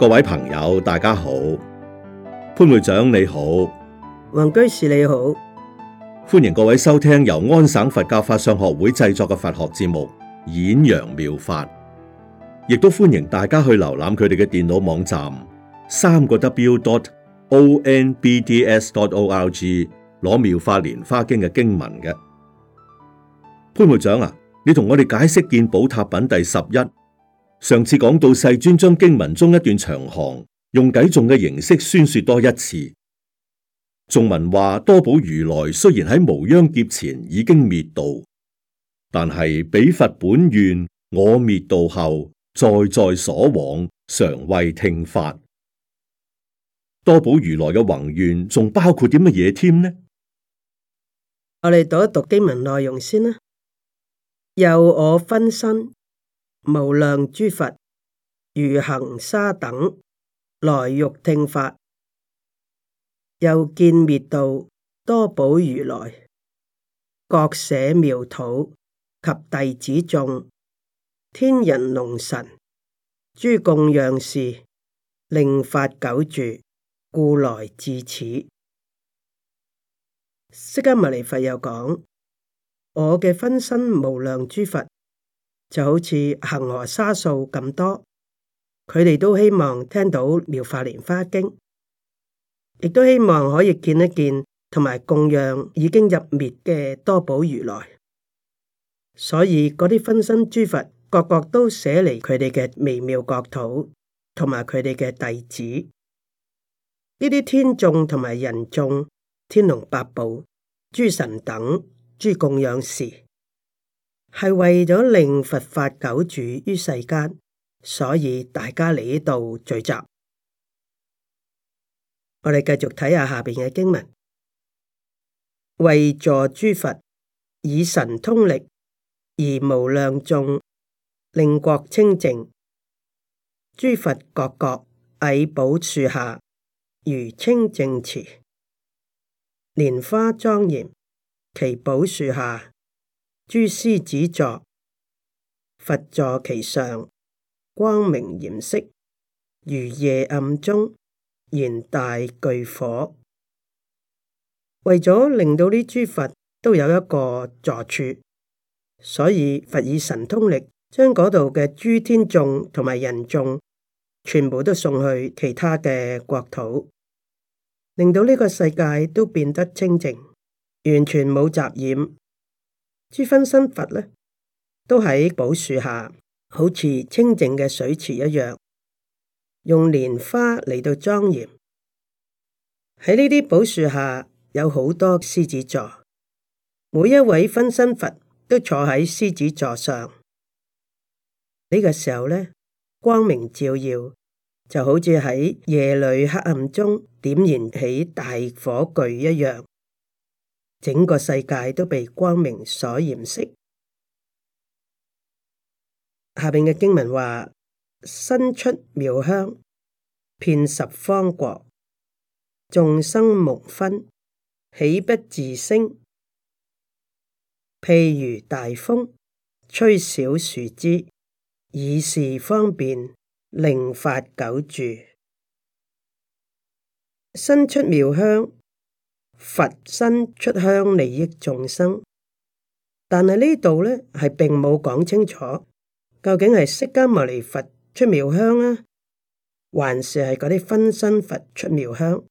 各位朋友，大家好，潘會長你好，王居士你好，歡迎各位收聽由安省佛教法相學會製作嘅佛學節目《演揚妙法》，亦都歡迎大家去瀏覽佢哋嘅電腦網站三個 W dot o N B D S 點 O L G 攞妙法蓮花經嘅經文嘅潘會長啊，你同我哋解釋《見寶塔品》第十一。上次講到世尊將經文中一段長行，用偈頌嘅形式宣說多一次，眾文話多寶如來雖然喺無央劫前已經滅道，但係彼佛本願，我滅道後，在在所往常為聽法。多寶如來嘅宏願仲包括啲乜嘢添呢？我哋讀一讀經文內容先啦。有我分身。無量諸佛如恒沙等來欲聽法，又見滅度多寶如來，各捨妙土及弟子眾，天人龍神諸供養事，令法久住，故來至此。釋迦牟尼佛又講：我嘅分身無量諸佛。就好似恒河沙數咁多，佢哋都希望聽到妙法蓮花經，亦都希望可以見一見，同埋供養已經入滅嘅多寶如來。所以嗰啲分身諸佛，各各都寫嚟佢哋嘅微妙國土，同埋佢哋嘅弟子，呢啲天眾同埋人眾，天龍八部、諸神等、諸供養士。係為咗令佛法久住於世間，所以大家嚟呢度聚集。我哋繼續睇下下邊嘅經文，為助諸佛以神通力而無量眾令國清淨，諸佛各各詣寶樹下如清淨池，蓮花莊嚴，其寶樹下。諸師子座佛坐其上，光明嚴色，如夜暗中燃大巨火。為咗令到呢諸佛都有一個座處，所以佛以神通力將嗰度嘅諸天眾同埋人眾全部都送去其他嘅國土，令到呢個世界都變得清淨，完全冇雜染。諸分身佛咧，都喺寶樹下，好似清淨嘅水池一樣，用蓮花嚟到莊嚴。喺呢啲寶樹下有好多獅子座，每一位分身佛都坐喺獅子座上。呢、這個時候咧，光明照耀，就好似喺夜裏黑暗中點燃起大火炬一樣。整個世界都被光明所掩飾。下邊嘅經文話：身出妙香，遍十方國，眾生蒙薰，喜不自勝。譬如大風，吹小樹枝，以是方便，令法久住。身出妙香。佛身出香利益眾生，但係呢度咧係並冇講清楚，究竟係釋迦牟尼佛出妙香啊，還是係嗰啲分身佛出妙香？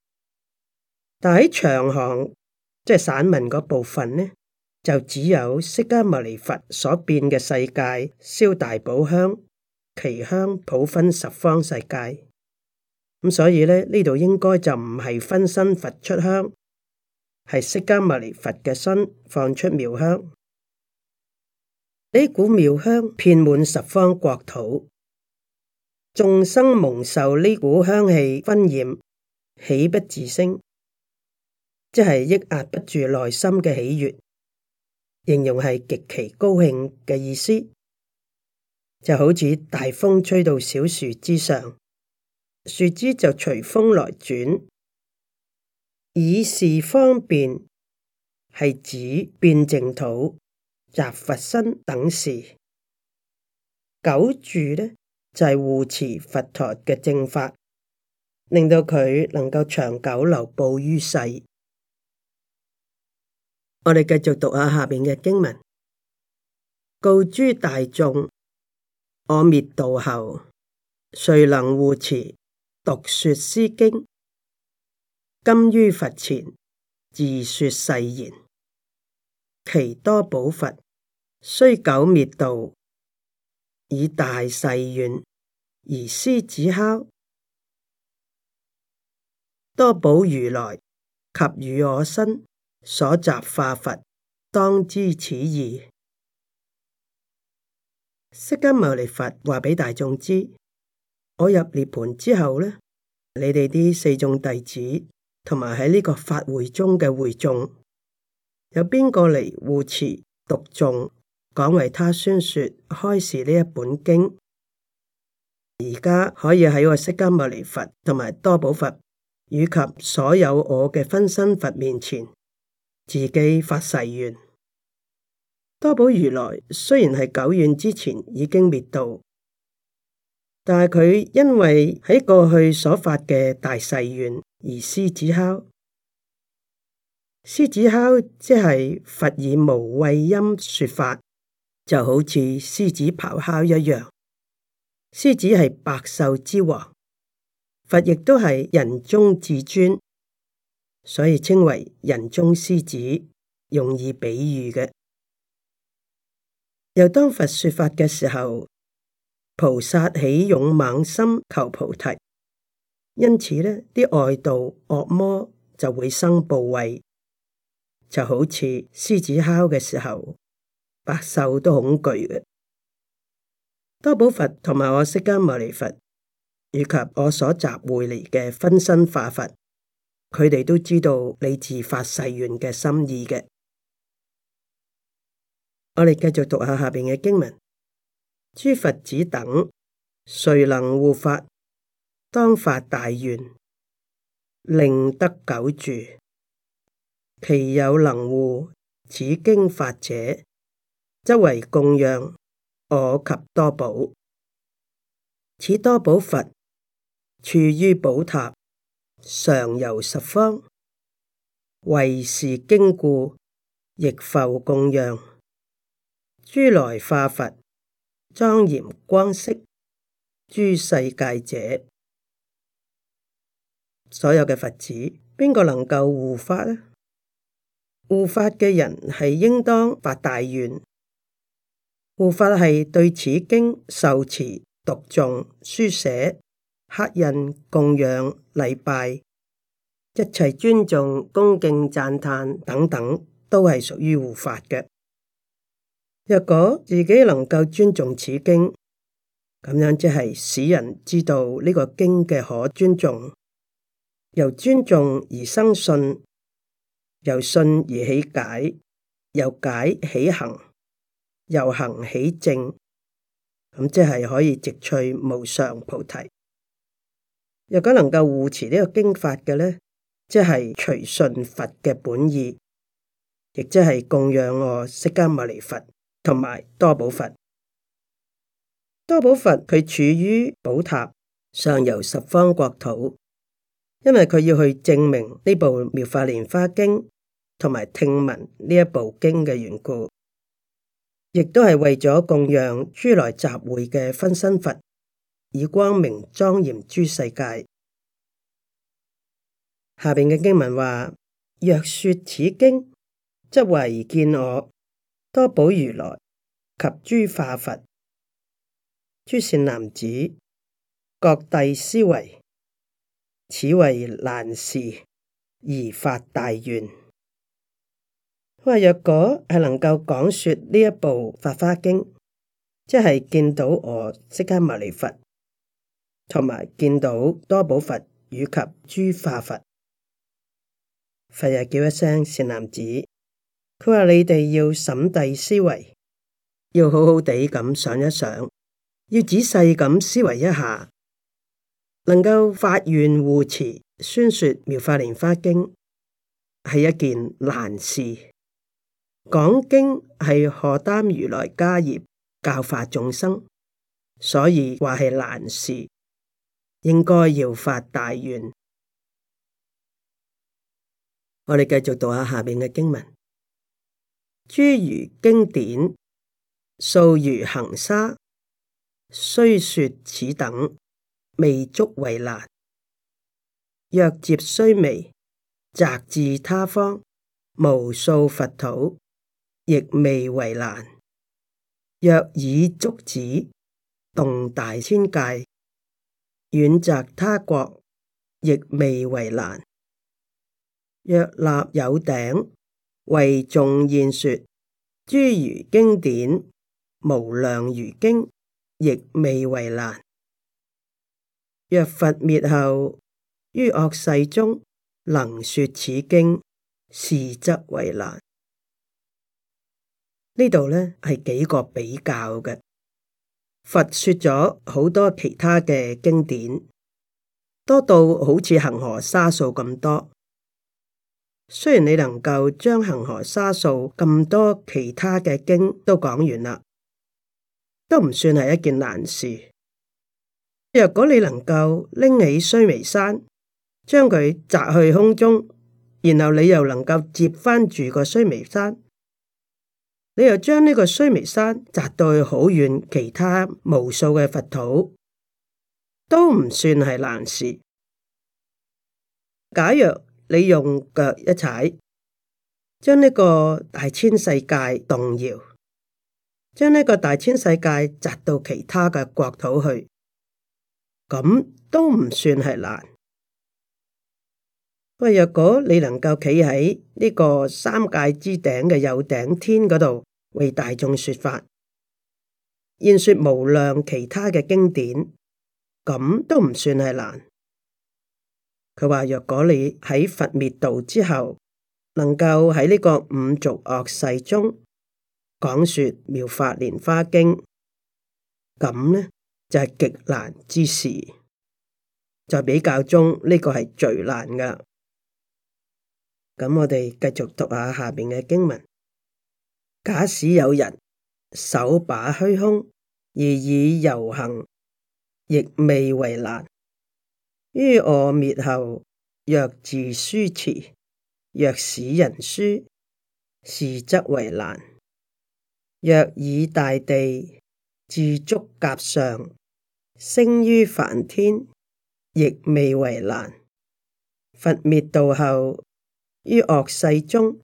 但喺長行即係散文嗰部分呢，就只有釋迦牟尼佛所變嘅世界燒大寶香，其香普分十方世界。咁、嗯、所以咧，呢度應該就唔係分身佛出香。係釋迦牟尼佛嘅身放出妙香，呢股妙香遍滿十方國土，眾生蒙受呢股香氣熏染，喜不自勝，即係抑壓不住內心嘅喜悅，形容係極其高興嘅意思，就好似大風吹到小樹之上，樹枝就隨風來轉。以是方便，係指變淨土、集佛身等事。久住咧，就係、是、護持佛陀嘅正法，令到佢能夠長久流布於世。我哋繼續讀下下面嘅經文：告諸大眾，我滅度後，誰能護持、讀說《斯經》？今於佛前自說誓言，其多寶佛雖久滅道，以大誓願而獅子吼。多寶如來及與我身所集化佛，當知此意。釋迦牟尼佛話俾大眾知：我入涅盤之後呢你哋啲四眾弟子。同埋喺呢個法會中嘅會眾，有邊個嚟護持讀誦，講為他宣說開示呢一本經？而家可以喺我釋迦牟尼佛同埋多寶佛以及所有我嘅分身佛面前，自己發誓願：多寶如來雖然係久遠之前已經滅度。但係佢因為喺過去所發嘅大誓願而獅子哮，獅子哮即係佛以無畏音說法，就好似獅子咆哮一樣。獅子係百獸之王，佛亦都係人中至尊，所以稱為人中獅子，容易比喻嘅。又當佛說法嘅時候。菩薩起勇猛心求菩提，因此呢啲外道惡魔就會生怖畏，就好似獅子哮嘅時候，百獸都恐懼嘅。多寶佛同埋我釋迦牟尼佛以及我所集會嚟嘅分身化佛，佢哋都知道你自發誓願嘅心意嘅。我哋繼續讀下下邊嘅經文。諸佛子等，誰能護法？當發大願，令得久住。其有能護此經法者，則為供養我及多寶。此多寶佛處於寶塔，常遊十方，為是經故，亦復供養諸來化佛。莊嚴光色諸世界者，所有嘅佛子，邊個能夠護法呢？護法嘅人係應當發大願，護法係對此經受持、讀誦、書寫、刻印、供養、禮拜，一切尊重、恭敬、讚嘆等等，都係屬於護法嘅。若果自己能夠尊重此經，咁樣即係使人知道呢個經嘅可尊重，由尊重而生信，由信而起解，由解起行，由行起正，咁即係可以直趣無上菩提。若果能夠護持呢個經法嘅咧，即係隨信佛嘅本意，亦即係供養我釋迦牟尼佛。同埋多寶佛，多寶佛佢處於寶塔上遊十方國土，因為佢要去證明呢部妙法蓮花經同埋聽聞呢一部經嘅緣故，亦都係為咗供養諸來集會嘅分身佛，以光明莊嚴諸世界。下邊嘅經文話：若說此經，則為見我。多寶如來及諸化佛、諸善男子、各諦思維，此為難事而發大願。佢話若果係能夠講說呢一部《法華經》，即係見到我釋迦牟尼佛，同埋見到多寶佛以及諸化佛，佛又叫一聲善男子。佢話：你哋要審諦思維，要好好地咁想一想，要仔細咁思維一下，能夠發願護持、宣說妙法蓮花經，係一件難事。講經係荷擔如來家業，教化眾生，所以話係難事，應該要發大願。我哋繼續讀下下面嘅經文。諸如經典，數如恒沙，雖說此等未足為難；若接須彌，擲置他方無數佛土，亦未為難；若以足指動大千界，遠擲他國，亦未為難；若立有頂。為眾演說諸如經典無量如經，亦未為難。若佛滅後於惡世中能說此經，是則為難。呢度呢係幾個比較嘅，佛說咗好多其他嘅經典，多到好似恒河沙數咁多。雖然你能夠將恒河沙數咁多其他嘅經都講完啦，都唔算係一件難事。若果你能夠拎起須彌山，將佢擲去空中，然後你又能夠接返住個須彌山，你又將呢個須彌山擲到去好遠，其他無數嘅佛土，都唔算係難事。假若你用腳一踩，將呢個大千世界動搖，將呢個大千世界砸到其他嘅國土去，咁都唔算係難。喂，若果你能夠企喺呢個三界之頂嘅有頂天嗰度，為大眾說法，演說無量其他嘅經典，咁都唔算係難。佢話：若果你喺佛滅度之後，能夠喺呢個五濁惡世中講説妙法蓮華經，咁呢，就係、是、極難之事，在比較中呢個係最難噶。咁我哋繼續讀下下邊嘅經文。假使有人手把虛空而以遊行，亦未為難。於我滅後，若自書持，若使人書，是則為難；若以大地自足甲上，升於梵天，亦未為難。佛滅度後，於惡世中，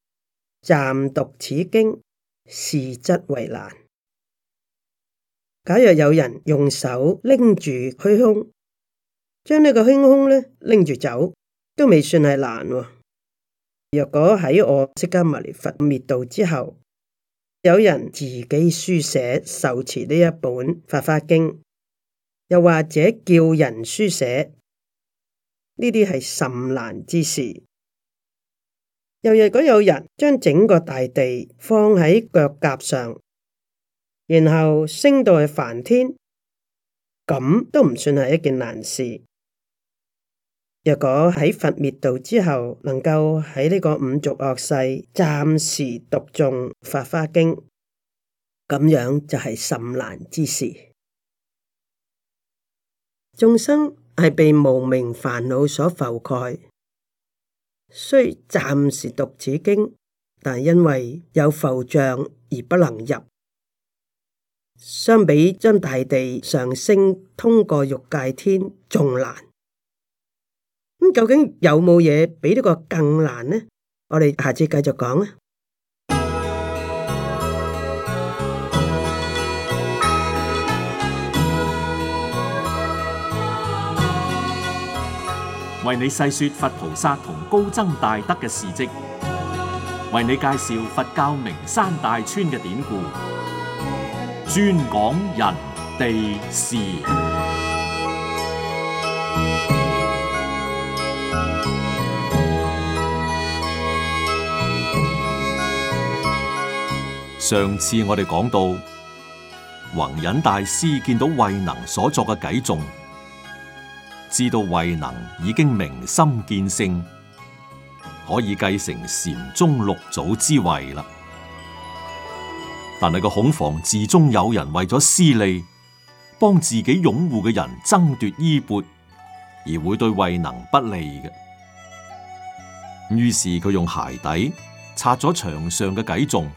暫讀此經，是則為難。假若有人用手拎住虛空。將呢個虛空咧拎住走都未算係難啊。若果喺我釋迦牟尼佛滅度之後，有人自己書寫受持呢一本《法華經》，又或者叫人書寫，呢啲係甚難之事。又若果有人將整個大地放喺腳甲上，然後升到去梵天，咁都唔算係一件難事。若果喺佛滅度之後，能夠喺呢個五濁惡世暫時讀誦《法華經》，咁樣就係甚難之事。眾生係被無明煩惱所覆蓋，雖暫時讀此經，但因為有浮像而不能入。相比將大地上升通過欲界天，仲難。究竟有冇嘢比呢個更難呢？我哋下次繼續講啦。為你細說佛菩薩同高僧大德嘅事跡，為你介紹佛教名山大川嘅典故，專講人地事。上次我哋講到，弘忍大師見到慧能所作嘅偈頌，知道慧能已經明心見性，可以繼承禪宗六祖之位啦。但係個恐防寺中有人為咗私利，幫自己擁護嘅人爭奪衣缽，而會對慧能不利嘅。於是佢用鞋底擦咗牆上嘅偈頌。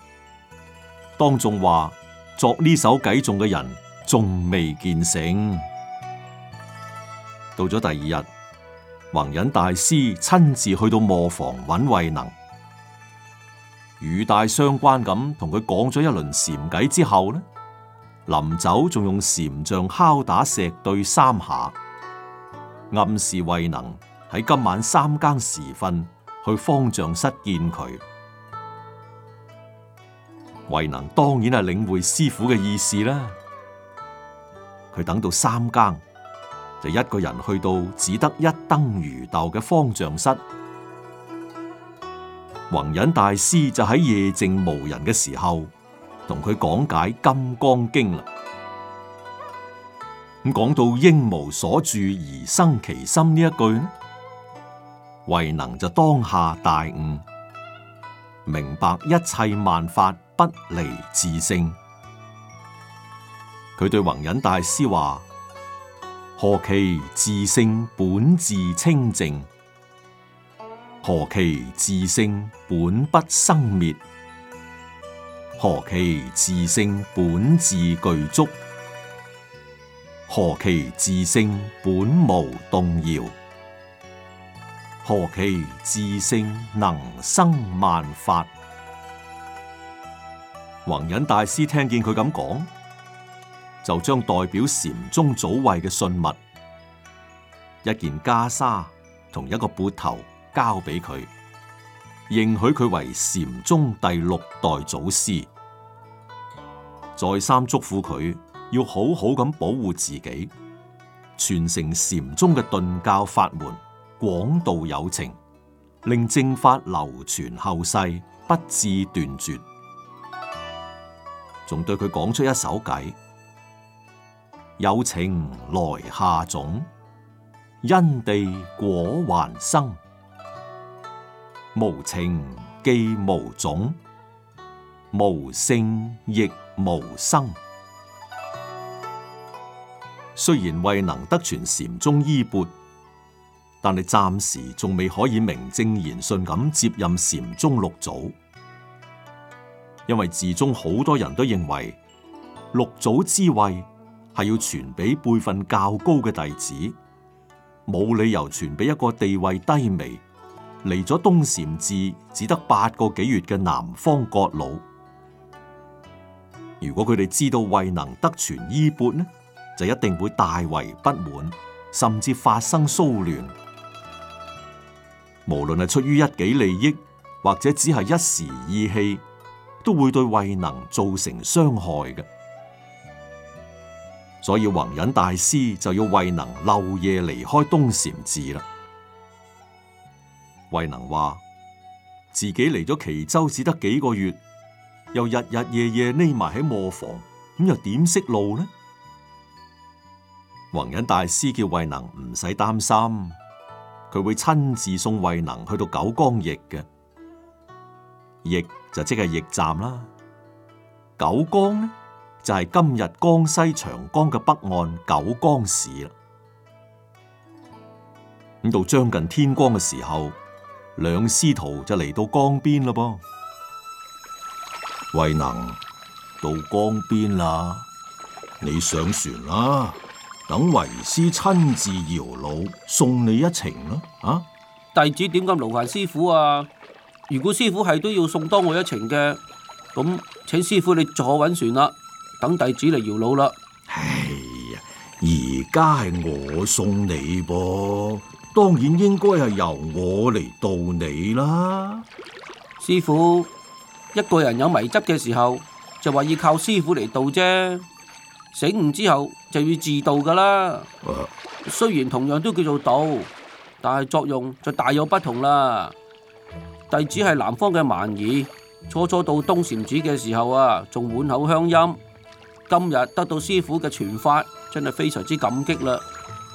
當眾話作呢首偈頌嘅人仲未見醒。到咗第二日，弘忍大師親自去到磨房搵慧能，語帶相關咁同佢講咗一輪禪偈之後咧，臨走仲用禪杖敲打石碓三下，暗示慧能喺今晚三更時分去方丈室見佢。慧能當然係領會師父嘅意思啦。佢等到三更，就一個人去到只得一燈如豆嘅方丈室。弘忍大師就喺夜靜無人嘅時候，同佢講解《金剛經》啦。咁講到應無所住而生其心呢一句，慧能就當下大悟，明白一切萬法。不離自性，佢對弘忍大師話：何其自性本自清淨，何其自性本不生滅，何其自性本自具足，何其自性本無動搖，何其自性能生萬法。弘忍大師聽見佢咁講，就將代表禪宗祖位嘅信物——一件袈裟同一個鉢頭，交俾佢，認許佢為禪宗第六代祖師。再三囑咐佢要好好咁保護自己，傳承禪宗嘅頓教法門，廣度有情，令正法流傳後世，不至斷絕。仲對佢講出一首偈：有情來下種，因地果還生；無情既無種，無性亦無生。雖然未能得傳禪宗衣缽，但你暫時仲未可以名正言順咁接任禪宗六祖。因為寺中好多人都認為六祖之位係要傳俾輩分較高嘅弟子，冇理由傳俾一個地位低微、嚟咗東禪寺只得八個幾月嘅南方獦獠。如果佢哋知道慧能得傳衣缽呢，就一定會大為不滿，甚至發生騷亂。無論係出於一己利益，或者只係一時意氣。都會對慧能造成傷害嘅，所以弘忍大師就要慧能漏夜離開東禪寺啦。慧能話：自己嚟咗岐州只得幾個月，又日日夜夜匿埋喺磨房，咁又點識路呢？弘忍大師叫慧能唔使擔心，佢會親自送慧能去到九江驛嘅。驛就即係驛站啦，九江呢就係、是、今日江西長江嘅北岸九江市啦。咁到將近天光嘅時候，兩師徒就嚟到江邊啦噃。慧能，到江邊啦，你上船啦，等為師親自搖櫓送你一程啦。啊，弟子點敢勞煩師傅啊？如果師父係都要送多我一程嘅，咁請師父你坐穩船啦，等弟子嚟搖櫓啦。哎呀，而家係我送你噃，當然應該係由我嚟度你啦。師父，一個人有迷執嘅時候，就話要靠師父嚟度啫，醒悟之後就要自度噶啦。啊、雖然同樣都叫做度，但係作用就大有不同啦。弟子係南方嘅蠻兒，初初到東禪寺嘅時候啊，仲滿口鄉音。今日得到師傅嘅傳法，真係非常之感激啦。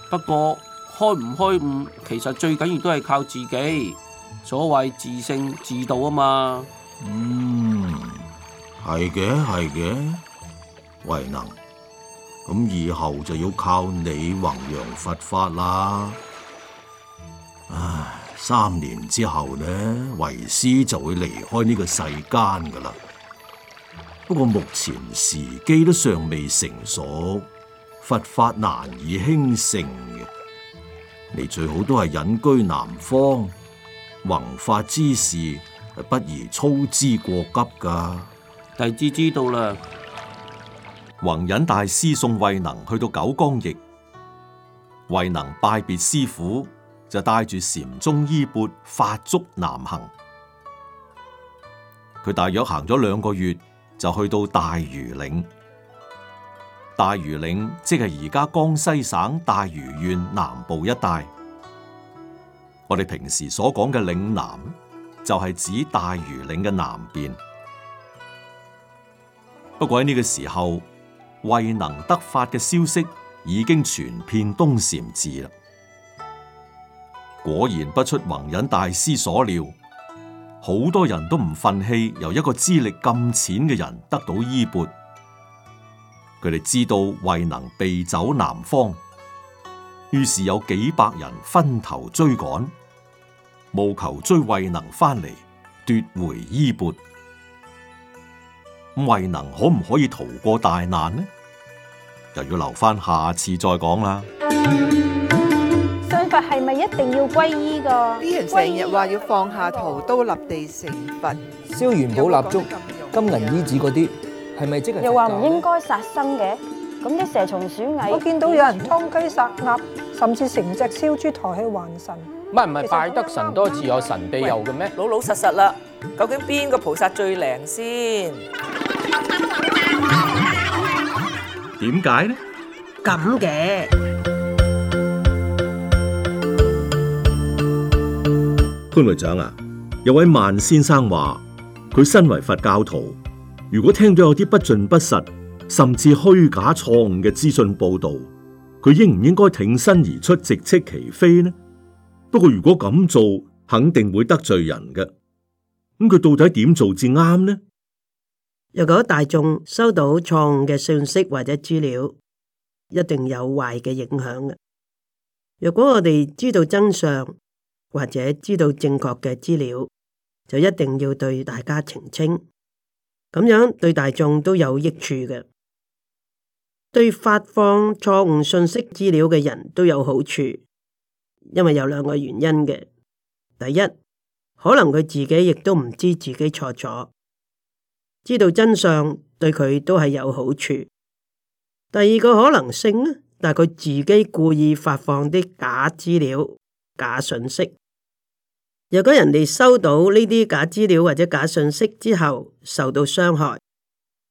不過開唔開悟，其實最緊要都係靠自己，所謂自性自度啊嘛。嗯，係嘅係嘅，慧能，咁以後就要靠你弘揚佛法啦。唉。三年之後呢，為師就會離開呢個世間噶啦。不過目前時機都尚未成熟，佛法難以興盛嘅。你最好都係隱居南方，弘法之事不宜操之過急噶。弟子知道啦。弘忍大師送慧能去到九江驛，慧能拜別師父。就帶住禪宗衣缽，發足南行。佢大約行咗兩個月，就去到大庾嶺。大庾嶺即係而家江西省大余縣南部一帶。我哋平時所講嘅嶺南，就係指大庾嶺嘅南邊。不過喺呢個時候，慧能得法嘅消息已經傳遍東禪寺啦。果然不出弘忍大師所料，好多人都唔忿氣，由一個資歷咁淺嘅人得到衣鉢。佢哋知道慧能避走南方，於是有幾百人分頭追趕，務求追慧能翻嚟奪回衣鉢。咁慧能可唔可以逃過大難呢？又要留翻下，下次再講啦。佛係咪一定要皈依噶？啲人成日話要放下屠刀立地成佛，燒元寶蠟燭、金銀衣紙嗰啲，係咪即係？又話唔應該殺生嘅，咁啲蛇蟲鼠蟻，我見到有人劏雞殺鴨，甚至成隻燒豬抬去還神。唔係唔係，拜得神多自有神庇佑嘅咩？老老實實啦，究竟邊個菩薩最靈先？點解呢？咁嘅。潘會長啊，有位萬先生話佢身為佛教徒，如果聽到有啲不盡不實，甚至虛假錯誤嘅資訊報道，佢應唔應該挺身而出直斥其非呢？不過如果咁做，肯定會得罪人嘅。咁佢到底點做至啱呢？若果大眾收到錯誤嘅信息或者資料，一定有壞嘅影響嘅。如果我哋知道真相，或者知道正確嘅資料，就一定要對大家澄清，咁樣對大眾都有益處嘅，對發放錯誤信息資料嘅人都有好處，因為有兩個原因嘅。第一，可能佢自己亦都唔知自己錯咗，知道真相對佢都係有好處。第二個可能性呢，但係佢自己故意發放啲假資料、假信息。若果人哋收到呢啲假資料或者假信息之後受到傷害，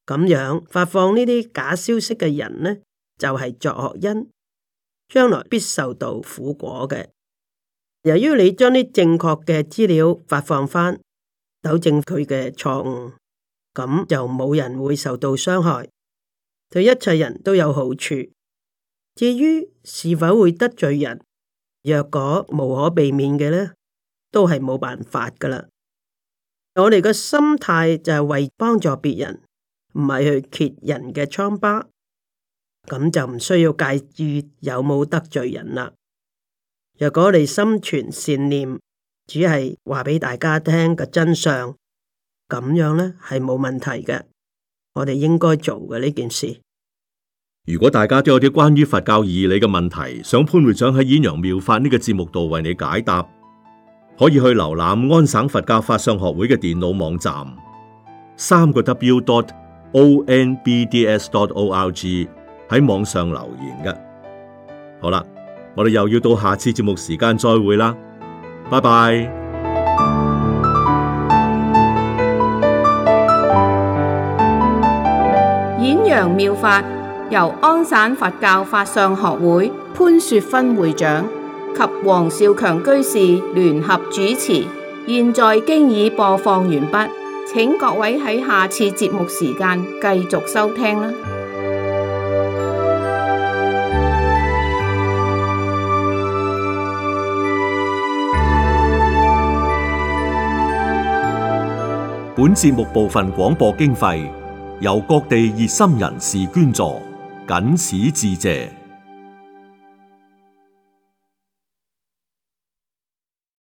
咁樣發放呢啲假消息嘅人呢就係、是、作惡因，將來必受到苦果嘅。由於你將啲正確嘅資料發放返，糾正佢嘅錯誤，咁就冇人會受到傷害，對一切人都有好處。至於是否會得罪人，若果無可避免嘅呢，都係冇辦法噶啦。我哋個心態就係為幫助別人，唔係去揭人嘅瘡疤，咁就唔需要介意有冇得罪人啦。若果我哋心存善念，只係話俾大家聽嘅真相，咁樣咧係冇問題嘅。我哋應該做嘅呢件事。如果大家都有啲關於佛教義理嘅問題，想潘會長喺《演揚妙法》呢個節目度為你解答。可以去瀏覽安省佛教法相學會嘅電腦網站，三個 w.dot o n b d s.dot o r g 喺網上留言嘅。好啦，我哋又要到下次節目時間再會啦，拜拜。演揚妙法由安省佛教法相學會潘雪芬會長。及王少強居士聯合主持，現在經已播放完畢，請各位喺下次節目時間繼續收聽啦。本節目部分廣播經費由各地熱心人士捐助，謹此致謝。